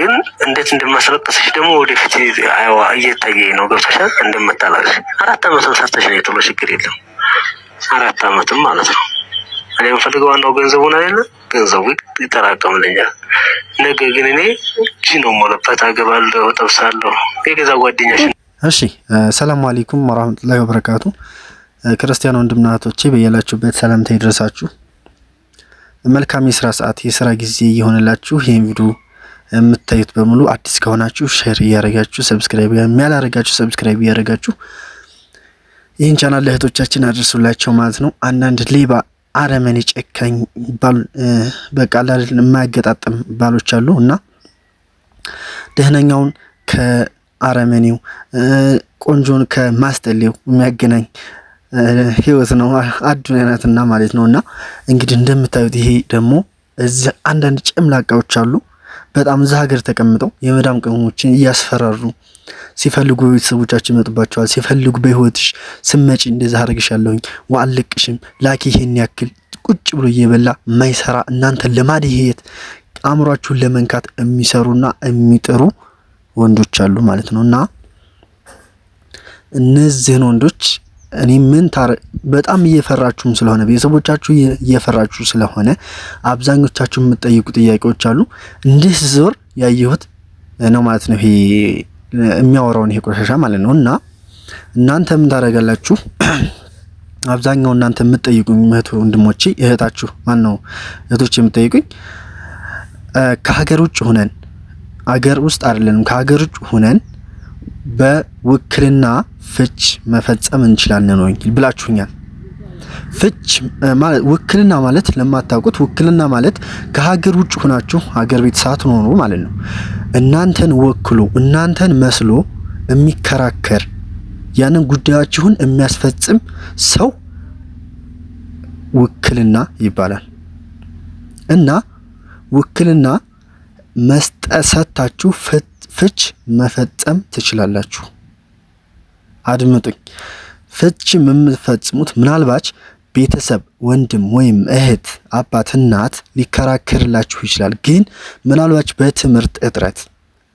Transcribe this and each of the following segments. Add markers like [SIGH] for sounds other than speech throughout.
ግን እንዴት እንደማስለቀሰች ደግሞ ወደፊት እየታየ ነው። ገብቶሻል? እንደምታላቅሽ አራት አመት ሰርተሽ ነው የጥሎ ችግር የለም አራት አመትም ማለት ነው። እኔ የምፈልገው ዋናው ገንዘቡን አይደለ? ገንዘቡ ይጠራቀምልኛል። ነገ ግን እኔ እጅ ነው ሞለበት አገባለሁ፣ ጠብሳለሁ። የገዛ ጓደኛሽ። እሺ፣ ሰላም አለይኩም ወራህመቱላሂ ወበረካቱ። ክርስቲያን ወንድምና እህቶቼ በያላችሁበት ሰላምታ ይድረሳችሁ። መልካም የስራ ሰዓት፣ የስራ ጊዜ የሆነላችሁ ይህን ቪዲዮ የምታዩት በሙሉ አዲስ ከሆናችሁ ሼር እያደረጋችሁ ሰብስክራይብ የሚያላረጋችሁ ሰብስክራይብ እያደረጋችሁ ይህን ቻናል ለእህቶቻችን አድርሱላቸው ማለት ነው። አንዳንድ ሌባ አረመኔ፣ ጨካኝ ባል በቃ የማያገጣጥም ባሎች አሉ እና ደህነኛውን ከአረመኔው ቆንጆን ከማስጠሌው የሚያገናኝ ህይወት ነው አዱኒያ ናትና ማለት ነው። እና እንግዲህ እንደምታዩት ይሄ ደግሞ እዚህ አንዳንድ ጭምላቃዎች አሉ በጣም እዛ ሀገር ተቀምጠው የመዳም ቅመሞችን እያስፈራሩ ሲፈልጉ ቤተሰቦቻችን ይመጡባቸዋል። ሲፈልጉ በህይወትሽ ስመጪ እንደዛ ያለውኝ ዋአልቅሽም ላኪ ይሄን ያክል ቁጭ ብሎ እየበላ ማይሰራ እናንተን ለማድሄት አእምሯችሁን ለመንካት የሚሰሩና የሚጥሩ ወንዶች አሉ ማለት ነው እና እነዚህን ወንዶች እኔ ምን ታረ በጣም እየፈራችሁም ስለሆነ ቤተሰቦቻችሁ እየፈራችሁ ስለሆነ አብዛኞቻችሁ የምትጠይቁ ጥያቄዎች አሉ። እንዲህ ዞር ያየሁት ነው ማለት ነው። ይሄ የሚያወራውን ይሄ ቆሻሻ ማለት ነው። እና እናንተ ምን ታደርጋላችሁ? አብዛኛው እናንተ የምትጠይቁኝ እህት ወንድሞቼ፣ እህታችሁ ማን ነው እህቶች የምትጠይቁኝ ከሀገር ውጭ ሁነን አገር ውስጥ አይደለንም ከሀገር ውጭ ሆነን ውክልና ፍች መፈጸም እንችላለን ወይ ብላችሁኛል። ፍች ማለት ውክልና ማለት ለማታውቁት ውክልና ማለት ከሀገር ውጭ ሆናችሁ ሀገር ቤት ሳትሆኑ ማለት ነው። እናንተን ወክሎ እናንተን መስሎ የሚከራከር ያንን ጉዳያችሁን የሚያስፈጽም ሰው ውክልና ይባላል። እና ውክልና መስጠት ሰጥታችሁ ፍች መፈጸም ትችላላችሁ። አድምጡኝ። ፍች የምትፈጽሙት ምናልባች ቤተሰብ፣ ወንድም ወይም እህት፣ አባት፣ እናት ሊከራከርላችሁ ይችላል። ግን ምናልባች በትምህርት እጥረት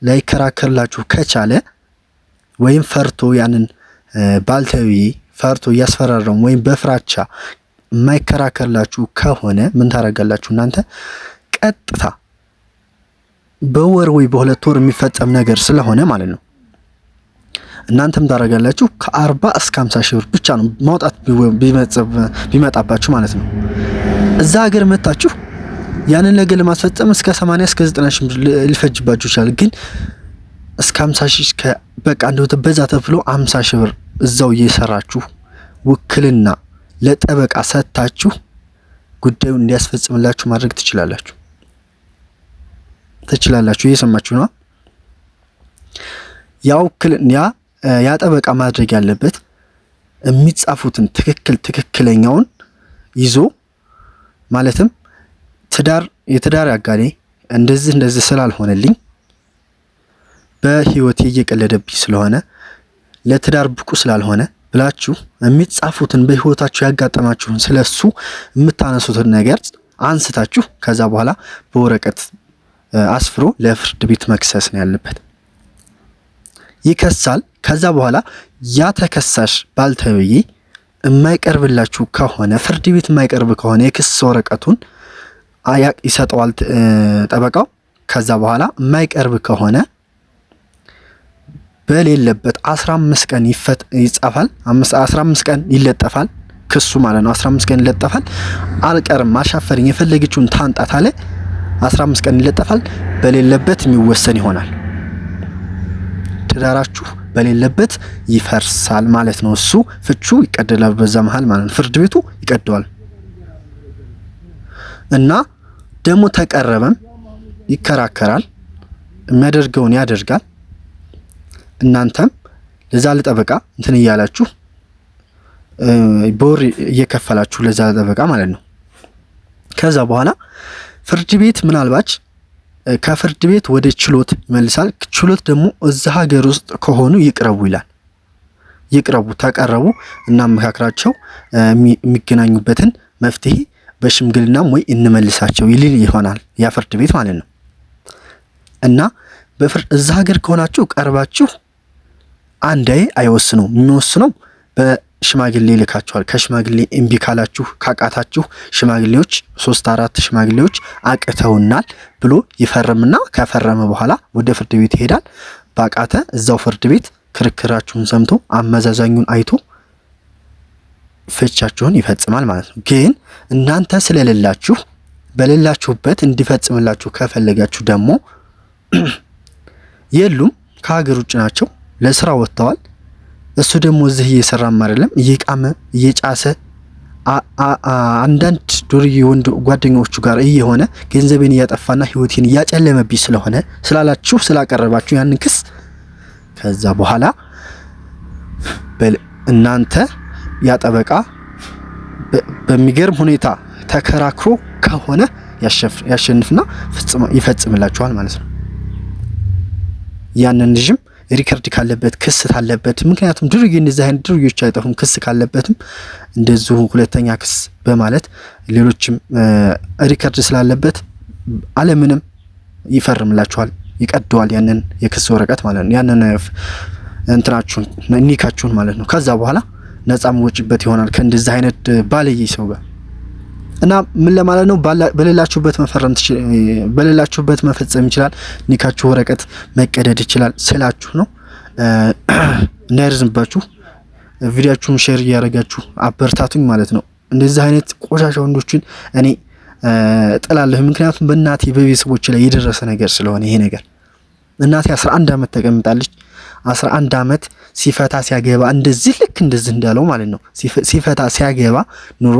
ላይከራከርላችሁ ከቻለ ወይም ፈርቶ ያንን ባልተብዬ ፈርቶ እያስፈራረሙ ወይም በፍራቻ የማይከራከርላችሁ ከሆነ ምን ታደርጋላችሁ እናንተ? ቀጥታ በወር ወይ በሁለት ወር የሚፈጸም ነገር ስለሆነ ማለት ነው እናንተም ታደርጋላችሁ። ከአርባ እስከ ሃምሳ ሺህ ብር ብቻ ነው ማውጣት ቢመጣባችሁ ማለት ነው። እዛ ሀገር መታችሁ ያንን ነገር ለማስፈጸም እስከ 80 እስከ 90 ሺህ ብር ሊፈጅባችሁ ይችላል። ግን እስከ 50 ሺህ በቃ እንደው በዛ ተብሎ 50 ሺህ ብር እዛው እየሰራችሁ ውክልና ለጠበቃ ሰጥታችሁ ጉዳዩን እንዲያስፈጽምላችሁ ማድረግ ትችላላችሁ ትችላላችሁ። እየሰማችሁ ነው። ያ ውክልና ያጠበቃ ማድረግ ያለበት የሚጻፉትን ትክክል ትክክለኛውን ይዞ ማለትም ትዳር የትዳር አጋሌ እንደዚህ እንደዚህ ስላልሆነልኝ በህይወቴ እየቀለደብኝ ስለሆነ ለትዳር ብቁ ስላልሆነ ብላችሁ የሚጻፉትን በህይወታችሁ ያጋጠማችሁን ስለሱ የምታነሱትን ነገር አንስታችሁ ከዛ በኋላ በወረቀት አስፍሮ ለፍርድ ቤት መክሰስ ነው ያለበት። ይከሳል። ከዛ በኋላ ያ ተከሳሽ ባልተብዬ የማይቀርብላችሁ ከሆነ ፍርድ ቤት የማይቀርብ ከሆነ የክስ ወረቀቱን ይሰጠዋል ጠበቃው። ከዛ በኋላ የማይቀርብ ከሆነ በሌለበት 15 ቀን ይፈት ይጻፋል። 15 ቀን ይለጠፋል ክሱ ማለት ነው። 15 ቀን ይለጠፋል። አልቀርም አሻፈረኝ የፈለገችውን ታንጣት አለ። 15 ቀን ይለጠፋል። በሌለበት የሚወሰን ይሆናል። ትዳራችሁ በሌለበት ይፈርሳል ማለት ነው። እሱ ፍቹ ይቀደላል በዛ መሀል ማለት ነው። ፍርድ ቤቱ ይቀደዋል እና ደግሞ ተቀረበም ይከራከራል፣ የሚያደርገውን ያደርጋል። እናንተም ለዛ ለጠበቃ እንትን እያላችሁ በወር እየከፈላችሁ ለዛ ለጠበቃ ማለት ነው። ከዛ በኋላ ፍርድ ቤት ምናልባች ከፍርድ ቤት ወደ ችሎት ይመልሳል። ችሎት ደግሞ እዛ ሀገር ውስጥ ከሆኑ ይቅረቡ ይላል። ይቅረቡ ተቀረቡ እና መካከራቸው የሚገናኙበትን መፍትሄ በሽምግልናም ወይ እንመልሳቸው ይልል ይሆናል ያ ፍርድ ቤት ማለት ነው። እና እዛ ሀገር ከሆናችሁ ቀርባችሁ አንዳይ አይወስነው የሚወስነው ሽማግሌ ይልካችኋል። ከሽማግሌ እምቢ ካላችሁ ካቃታችሁ ሽማግሌዎች ሶስት አራት ሽማግሌዎች አቅተውናል ብሎ ይፈርምና ከፈረመ በኋላ ወደ ፍርድ ቤት ይሄዳል። በቃተ እዛው ፍርድ ቤት ክርክራችሁን ሰምቶ አመዛዛኙን አይቶ ፍቻችሁን ይፈጽማል ማለት ነው። ግን እናንተ ስለሌላችሁ በሌላችሁበት እንዲፈጽምላችሁ ከፈለጋችሁ ደግሞ [CLEARS THROAT] የሉም፣ ከሀገር ውጭ ናቸው፣ ለስራ ወጥተዋል እሱ ደግሞ እዚህ እየሰራም አይደለም፣ እየቃመ እየጫሰ አንዳንድ ዱርዬ ወንድ ጓደኞቹ ጋር እየሆነ ገንዘቤን እያጠፋና ህይወቴን እያጨለመብኝ ስለሆነ ስላላችሁ ስላቀረባችሁ ያንን ክስ ከዛ በኋላ እናንተ ያጠበቃ በሚገርም ሁኔታ ተከራክሮ ከሆነ ያሸንፍና ይፈጽምላችኋል ማለት ነው። ያንን ልጅም ሪከርድ ካለበት ክስ ካለበት ምክንያቱም ድርጊ እንደዚህ አይነት ድርጊዎች አይጠፉም። ክስ ካለበትም እንደዚሁ ሁለተኛ ክስ በማለት ሌሎችም ሪከርድ ስላለበት አለምንም ይፈርምላችኋል፣ ይቀደዋል ያንን የክስ ወረቀት ማለት ነው ያንን እንትናችሁን ኒካችሁን ማለት ነው። ከዛ በኋላ ነጻ መወጭበት ይሆናል ከእንደዚህ አይነት ባለየ ሰው ጋር እና ምን ለማለት ነው በሌላችሁበት መፈረም በሌላችሁበት መፈጸም ይችላል። ኒካችሁ ወረቀት መቀደድ ይችላል ስላችሁ ነው። [CLEARS THROAT] እንዳይረዝምባችሁ ቪዲያችሁን ሼር እያደረጋችሁ አበርታቱኝ ማለት ነው። እንደዚህ አይነት ቆሻሻ ወንዶችን እኔ ጥላለሁ ምክንያቱም በእናቴ በቤተሰቦች ላይ የደረሰ ነገር ስለሆነ ይሄ ነገር እናቴ 11 ዓመት ተቀምጣለች። 11 ዓመት ሲፈታ ሲያገባ እንደዚህ ልክ እንደዚህ እንዳለው ማለት ነው ሲፈታ ሲያገባ ኑሮ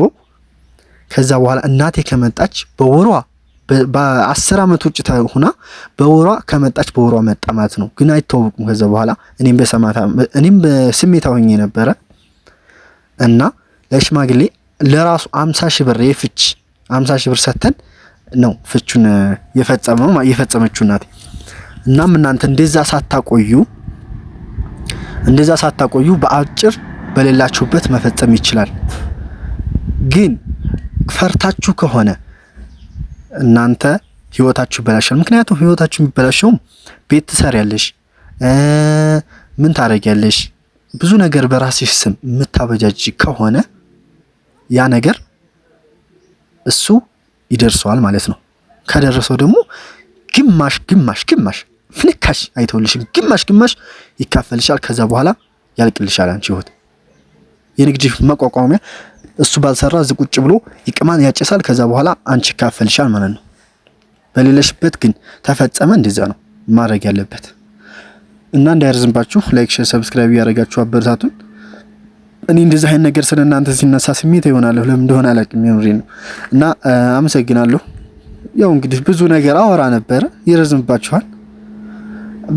ከዛ በኋላ እናቴ ከመጣች በወሯ በአስር ዓመት ውጭ ሆና በወሯ ከመጣች በወሯ መጣ ማለት ነው። ግን አይተዋወቁም። ከዛ በኋላ እኔም በሰማታ እኔም በስሜታ ሆኜ ነበረ እና ለሽማግሌ ለራሱ አምሳ ሺህ ብር የፍች አምሳ ሺህ ብር ሰተን ነው ፍቹን የፈጸመው የፈጸመችው እናቴ። እናም እናንተ እንደዛ ሳታቆዩ እንደዛ ሳታቆዩ በአጭር በሌላችሁበት መፈጸም ይችላል ግን ፈርታችሁ ከሆነ እናንተ ህይወታችሁ ይበላሻል። ምክንያቱም ህይወታችሁ የሚበላሸውም ቤት ትሰሪያለሽ፣ ምን ታደርጊያለሽ፣ ብዙ ነገር በራስሽ ስም የምታበጃጅ ከሆነ ያ ነገር እሱ ይደርሰዋል ማለት ነው። ከደረሰው ደግሞ ግማሽ ግማሽ ግማሽ ፍንካሽ አይተውልሽም፣ ግማሽ ግማሽ ይካፈልሻል። ከዛ በኋላ ያልቅልሻል አንቺ ህይወት የንግድ መቋቋሚያ እሱ ባልሰራ እዚህ ቁጭ ብሎ ይቅማል፣ ያጨሳል። ከዛ በኋላ አንቺ ካፈልሻል ማለት ነው። በሌለሽበት ግን ተፈጸመ። እንደዛ ነው ማድረግ ያለበት እና እንዳይረዝምባችሁ ላይክ፣ ሼር፣ ሰብስክራይብ ያደረጋችሁ አበረታቱን። እኔ እንደዚህ አይነት ነገር ስለ እናንተ ሲነሳ ስሜት ይሆናለሁ። ለምን እንደሆነ አላውቅም። የምሬ ነው እና አመሰግናለሁ። ያው እንግዲህ ብዙ ነገር አወራ ነበረ፣ ይረዝምባችኋል።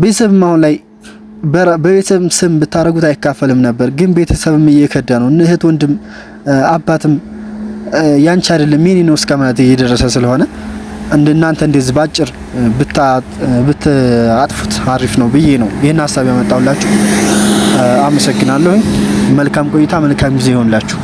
ቤተሰብም አሁን ላይ በቤተሰብ ስም ብታደርጉት አይካፈልም ነበር፣ ግን ቤተሰብም እየከዳ ነው። እህት ወንድም፣ አባትም ያንቺ አይደለም የኔ ነው እስከ ማለት እየደረሰ ስለሆነ እንደናንተ እንደዚህ ባጭር ብታጥፉት አሪፍ ነው ብዬ ነው ይህን ሀሳብ ያመጣሁላችሁ። አመሰግናለሁ። መልካም ቆይታ፣ መልካም ጊዜ ይሆንላችሁ።